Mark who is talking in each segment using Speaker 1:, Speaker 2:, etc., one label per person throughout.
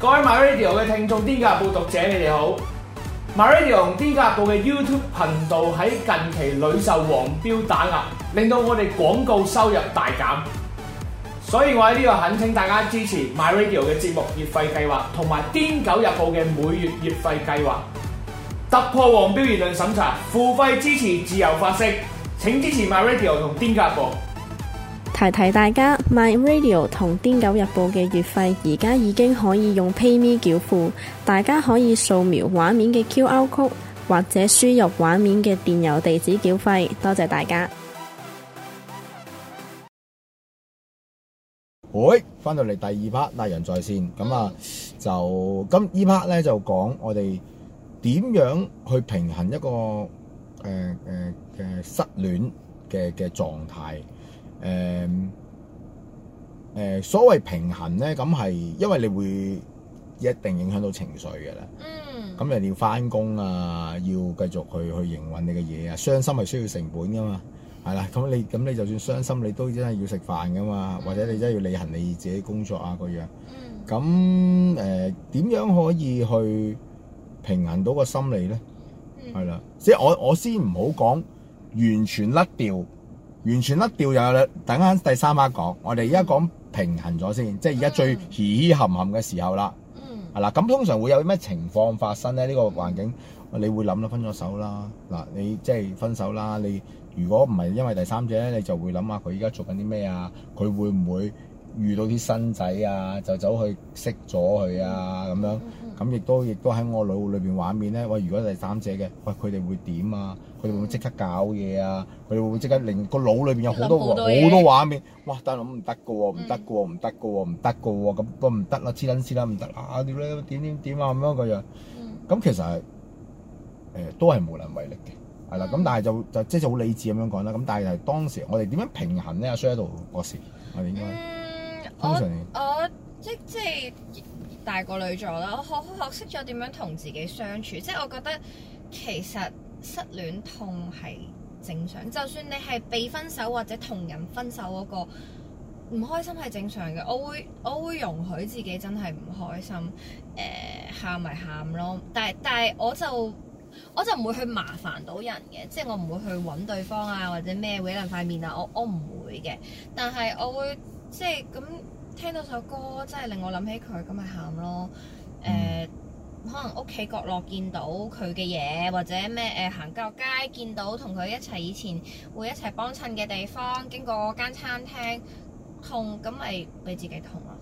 Speaker 1: 各位 my radio 嘅聽眾，《癲狗日報》讀者，你哋好！my radio 同《癲狗日報》嘅 YouTube 頻道喺近期屢受黃標打壓，令到我哋廣告收入大減。所以我喺呢度懇請大家支持 my radio 嘅節目月費計劃，同埋《癲狗日報》嘅每月月費計劃，突破黃標言論審查，付費支持自由發聲，請支持 my radio 同《癲狗日報》。
Speaker 2: 提提大家，My Radio 同《癲狗日報》嘅月費而家已經可以用 PayMe 繳付，大家可以掃描畫面嘅 QR Code，或者輸入畫面嘅電郵地址繳費。多謝大家。
Speaker 1: 喂，翻到嚟第二 part，達仁在線咁啊，就今呢 part 咧就講我哋點樣去平衡一個誒誒誒失戀嘅嘅狀態。誒誒、呃呃，所謂平衡咧，咁係因為你會一定影響到情緒嘅啦。嗯。咁人哋要翻工啊，要繼續去去營運你嘅嘢啊，傷心係需要成本噶嘛，係啦。咁你咁你就算傷心，你都真係要食飯噶嘛，嗯、或者你真係要履行你自己工作啊，嗰樣。嗯。咁誒、呃，點樣可以去平衡到個心理咧？係啦，嗯嗯、即係我我先唔好講完全甩掉。完全甩掉又有兩，等間第三晚 a 講，我哋而家講平衡咗先，嗯、即係而家最嘻嘻冚冚嘅時候啦。嗯。係啦，咁通常會有咩情況發生咧？呢、呢個環境你會諗啦，分咗手啦，嗱，你即係分手啦，你如果唔係因為第三者咧，你就會諗下佢而家做緊啲咩啊？佢會唔會？遇到啲新仔啊，就走去識咗佢啊，咁樣咁亦、mm hmm. 都亦都喺我腦裏邊畫面咧。喂，如果第三者嘅，喂佢哋會點啊？佢哋會唔會即刻搞嘢啊？佢哋會唔會即刻令個腦裏邊有好多好多，多畫面。哇！但係諗唔得㗎喎，唔得㗎喎，唔得㗎喎，唔得㗎咁都唔得啦，黐撚黐撚唔得啦，點咧點點點啊咁樣個樣。咁、mm hmm. 其實誒都係無能為力嘅，係啦。咁、mm hmm. 但係就就即係好理智咁樣講啦。咁但係當時我哋點樣平衡咧？阿 Sir d o 嗰時，我哋應該。
Speaker 2: 我我即即係大個女咗啦，我學學識咗點樣同自己相處，即係我覺得其實失戀痛係正常，就算你係被分手或者同人分手嗰個唔開心係正常嘅，我會我會容許自己真係唔開心，誒、呃，喊咪喊咯，但係但係我就我就唔會去麻煩到人嘅，即係我唔會去搵對方啊或者咩搲爛塊面啊，我我唔會嘅，但係我會。即係咁聽到首歌，真係令我諗起佢，咁咪喊咯。誒、嗯呃，可能屋企角落見到佢嘅嘢，或者咩誒行落街見到同佢一齊以前會一齊幫襯嘅地方，經過間餐廳痛，咁咪俾自己痛咯。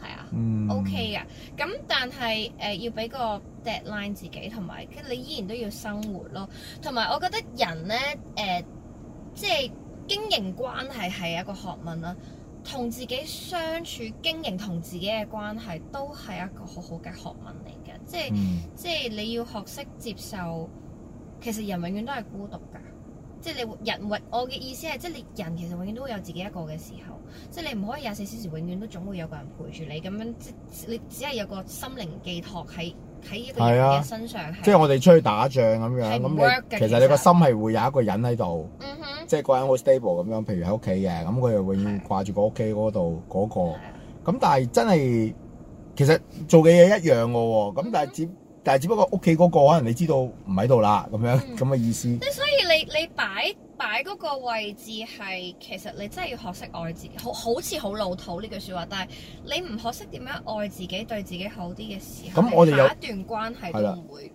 Speaker 2: 係啊、嗯、OK 嘅。咁但係誒、呃、要俾個 deadline 自己，同埋跟住你依然都要生活咯。同埋我覺得人咧誒，即、呃、係、就是、經營關係係一個學問啦。同自己相處、經營同自己嘅關係，都係一個好好嘅學問嚟嘅。即係、嗯、即係你要學識接受，其實人永遠都係孤獨㗎。即係你人或我嘅意思係，即係你人其實永遠都會有自己一個嘅時候。即係你唔可以廿四小時永遠都總會有個人陪住你咁樣，即你只係有個心靈寄託喺喺一個人嘅身上。啊、喺即係我哋出去
Speaker 1: 打仗咁樣，其實你個心係會有一個人喺度。嗯即係個人好 stable 咁樣，譬如喺屋企嘅，咁佢又永遠掛住個屋企嗰度嗰個。咁的但係真係其實做嘅嘢一樣嘅喎。咁、嗯、但係只但係只不過屋企嗰個可能你知道唔喺度啦，咁樣咁嘅、嗯、意思。咁所
Speaker 2: 以你你擺擺嗰個位置係其實你真係要學識愛自己，好好似好老土呢句説話，但係你唔學識點樣愛自己對自己好啲嘅時候，我哋有一段關係係啦，
Speaker 1: 會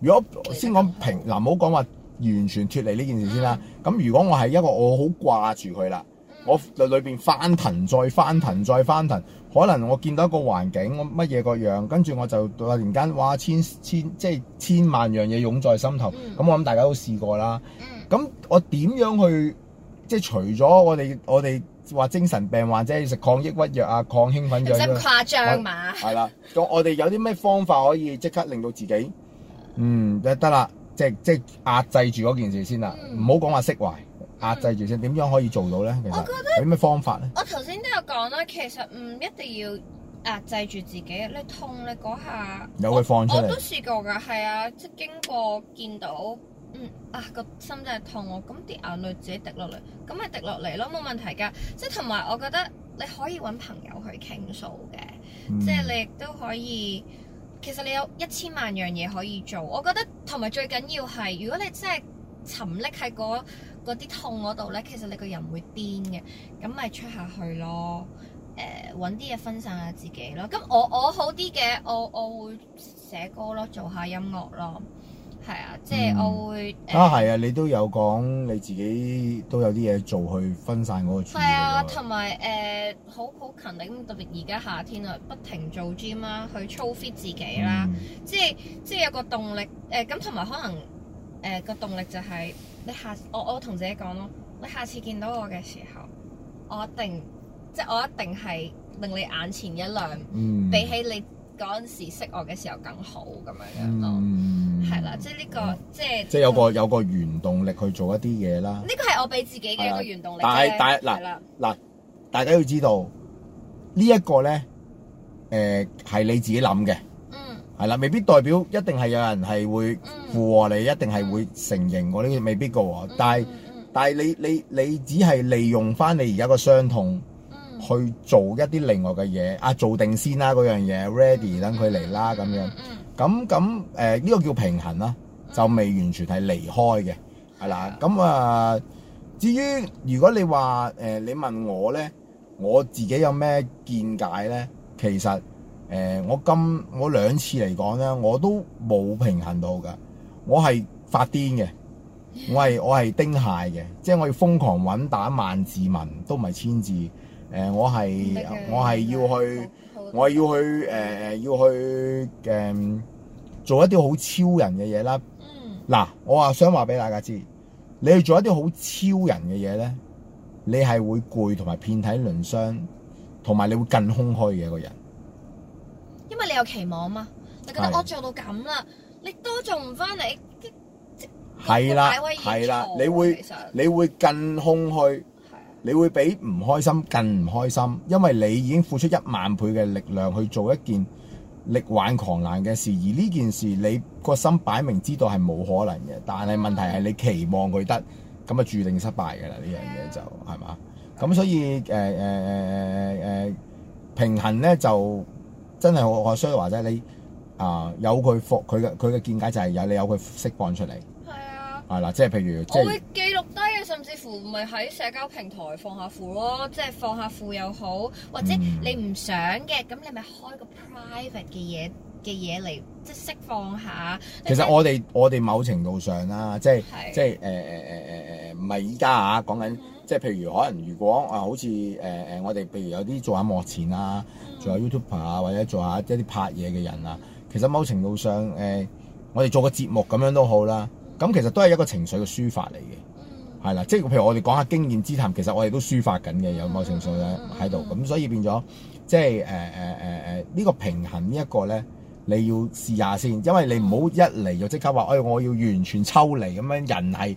Speaker 1: 如果先講平嗱，唔、啊、好講話。完全脱離呢件事先啦。咁、嗯、如果我係一個我好掛住佢啦，嗯、我裏裏邊翻騰再翻騰再翻騰，可能我見到一個環境，乜嘢個樣，跟住我就突然間，哇，千千即係千萬樣嘢湧在心頭。咁、嗯、我諗大家都試過啦。咁、嗯、我點樣去即係除咗我哋我哋話精神病患者要食抗抑鬱藥啊、抗興奮藥咁誇張嘛？係啦，咁我哋有啲咩方法可以即刻令到自己， 嗯，就得啦。即即壓制住嗰件事先啦，唔好講話釋懷，壓制住先。點、嗯、樣可以做到咧？其實，我覺得有咩方法咧？我
Speaker 2: 頭先都有講啦，其實唔一定要壓制住自己，你痛你嗰下，
Speaker 1: 有嘅放出嚟。我，我都試
Speaker 2: 過㗎，係啊，即經過見到，嗯啊個心真係痛喎，咁啲眼淚自己滴落嚟，咁咪滴落嚟咯，冇問題㗎。即同埋我覺得你可以揾朋友去傾訴嘅，嗯、即你亦都可以。其實你有一千萬樣嘢可以做，我覺得同埋最緊要係，如果你真係沉溺喺嗰啲痛嗰度咧，其實你個人會癲嘅，咁咪出下去咯。誒、呃，搵啲嘢分散下自己咯。咁我我好啲嘅，我我會寫歌咯，做下音樂咯。係啊，即係我會啊，係啊、嗯，uh, 你
Speaker 1: 都有講你自己都有啲嘢做去分散嗰個注意力咯。係啊，
Speaker 2: 同埋誒，好好、uh, 勤力咁，特別而家夏天啊，不停做 gym 啦，去操 fit 自己啦、嗯，即係即係有個動力誒。咁同埋可能誒個、呃、動力就係、是、你下次我我同自己講咯，你下次見到我嘅時候，我一定即係我一定係令你眼前一亮，嗯、比起你嗰陣時識我嘅時候更好咁樣樣咯。嗯。係啦，即係呢個，即係即係有個
Speaker 1: 有個原動力去做一啲嘢啦。呢
Speaker 2: 個係我俾自己嘅一個原動力啫。係
Speaker 1: 啦，嗱，大家要知道呢一個咧，誒，係你自己諗嘅。嗯。係啦，未必代表一定係有人係會附和你，一定係會承認我呢個未必噶。但係但係你你你只係利用翻你而家個傷痛，去做一啲另外嘅嘢。啊，做定先啦，嗰樣嘢 ready 等佢嚟啦，咁樣。咁咁誒呢個叫平衡啦，啊，嗯、就未完全係離開嘅，係啦。咁啊、嗯嗯，至於如果你話誒、呃、你問我咧，我自己有咩見解咧？其實誒、呃、我今我兩次嚟講咧，我都冇平衡到噶，我係發癲嘅，我係我係丁蟹嘅，即係 我要瘋狂揾打萬字文都唔係千字，誒、呃、我係我係要去。嗯嗯我要去誒、呃，要去誒、呃，做一啲好超人嘅嘢啦。嗱、嗯，我話想話俾大家知，你去做一啲好超人嘅嘢咧，你係會攰，同埋遍體鱗傷，同埋你會更空虛嘅一個人。
Speaker 2: 因為你有期望嘛，的你覺得的我做到咁啦，你都做唔翻嚟，即
Speaker 1: 係啦，係啦的，的你會，的你，會你會更空虛。你會比唔開心更唔開心，因為你已經付出一萬倍嘅力量去做一件力挽狂瀾嘅事，而呢件事你個心擺明知道係冇可能嘅，但係問題係你期望佢得，咁就注定失敗㗎啦。呢樣嘢就係嘛？咁吧、嗯、所以誒誒誒誒平衡咧就真係我我需要話者你啊、呃，有佢服佢嘅佢嘅見解就係有，你有佢釋放出嚟。係啊。係啦，即係譬如。我會記錄低。
Speaker 2: 甚至乎唔係喺社交平台放下負咯，即係放下負又好，或者你唔想嘅，咁、嗯、你咪開個 private 嘅嘢嘅嘢嚟，即係釋放下。
Speaker 1: 其實我哋是我哋某程度上啦，即係即係誒誒誒誒誒，唔係依家嚇講緊，即係譬如可能如果啊、呃，好似誒誒，我哋譬如有啲做下幕前啊，嗯、做下 YouTuber 啊，或者做下一啲拍嘢嘅人啊，其實某程度上誒、呃，我哋做個節目咁樣都好啦，咁其實都係一個情緒嘅抒發嚟嘅。係啦，即係譬如我哋講下經驗之談，其實我哋都抒發緊嘅有某程度咧喺度，咁、嗯、所以變咗即係誒誒誒誒呢個平衡個呢一個咧，你要試下先，因為你唔好一嚟就即刻話，哎，我要完全抽離咁樣，人係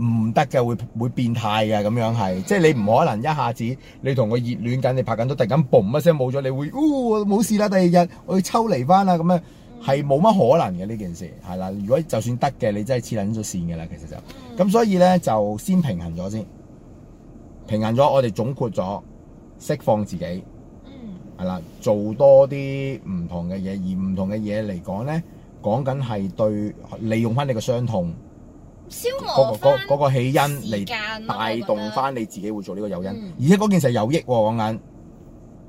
Speaker 1: 唔得嘅，會會變態嘅咁樣係，即係你唔可能一下子你同佢熱戀緊，你，你拍緊都突然間嘣一聲冇咗，你會，哦，冇事啦，第二日我要抽離翻啦咁樣。係冇乜可能嘅呢件事，係啦。如果就算得嘅，你真係黐捻咗線嘅啦。其實就咁，嗯、所以咧就先平衡咗先，平衡咗，我哋總括咗，釋放自己，係啦、嗯，做多啲唔同嘅嘢，而唔同嘅嘢嚟講咧，講緊係對利用翻你嘅傷痛，
Speaker 2: 消磨嗰個、
Speaker 1: 嗰個起因嚟帶動翻你自己會做呢個誘因，嗯、而且嗰件事係有益。講緊，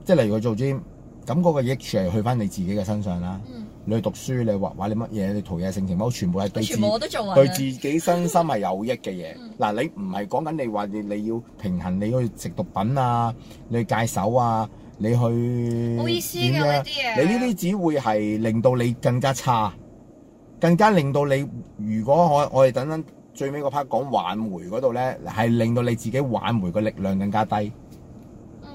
Speaker 1: 即係例如佢做 gym，咁嗰個益處係去翻你自己嘅身上啦。嗯你讀書，你畫畫你乜嘢，你陶冶，性情，全部係對自己全部我都做，對自己身心係有益嘅嘢。嗱、 嗯，你唔係講緊你話你你要平衡，你要去食毒品啊，你戒手啊，你去，冇意思嘅呢樣你呢啲只會係令到你更加差，更加令到你。如果我我哋等等最尾個 part 講挽回嗰度咧，係令到你自己挽回個力量更加低。嗯，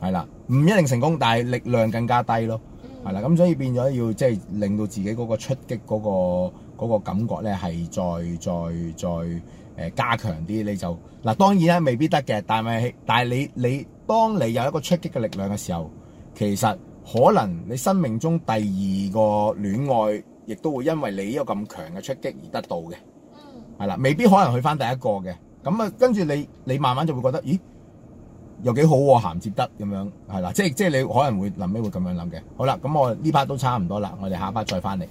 Speaker 1: 係啦，唔一定成功，但係力量更加低咯。係啦，咁所以變咗要即係令到自己嗰個出擊嗰、嗰個嗰個感覺咧係再再再誒、呃、加強啲，你就嗱當然咧未必得嘅，但係但係你你當你有一個出擊嘅力量嘅時候，其實可能你生命中第二個戀愛亦都會因為你呢個咁強嘅出擊而得到嘅，係啦、嗯，未必可能去翻第一個嘅，咁啊跟住你你慢慢就會覺得，咦？又幾好喎、啊，銜接得咁樣，係啦，即係即係你可能會臨尾會咁樣諗嘅。好啦，咁我呢 part 都差唔多啦，我哋下 part 再翻嚟。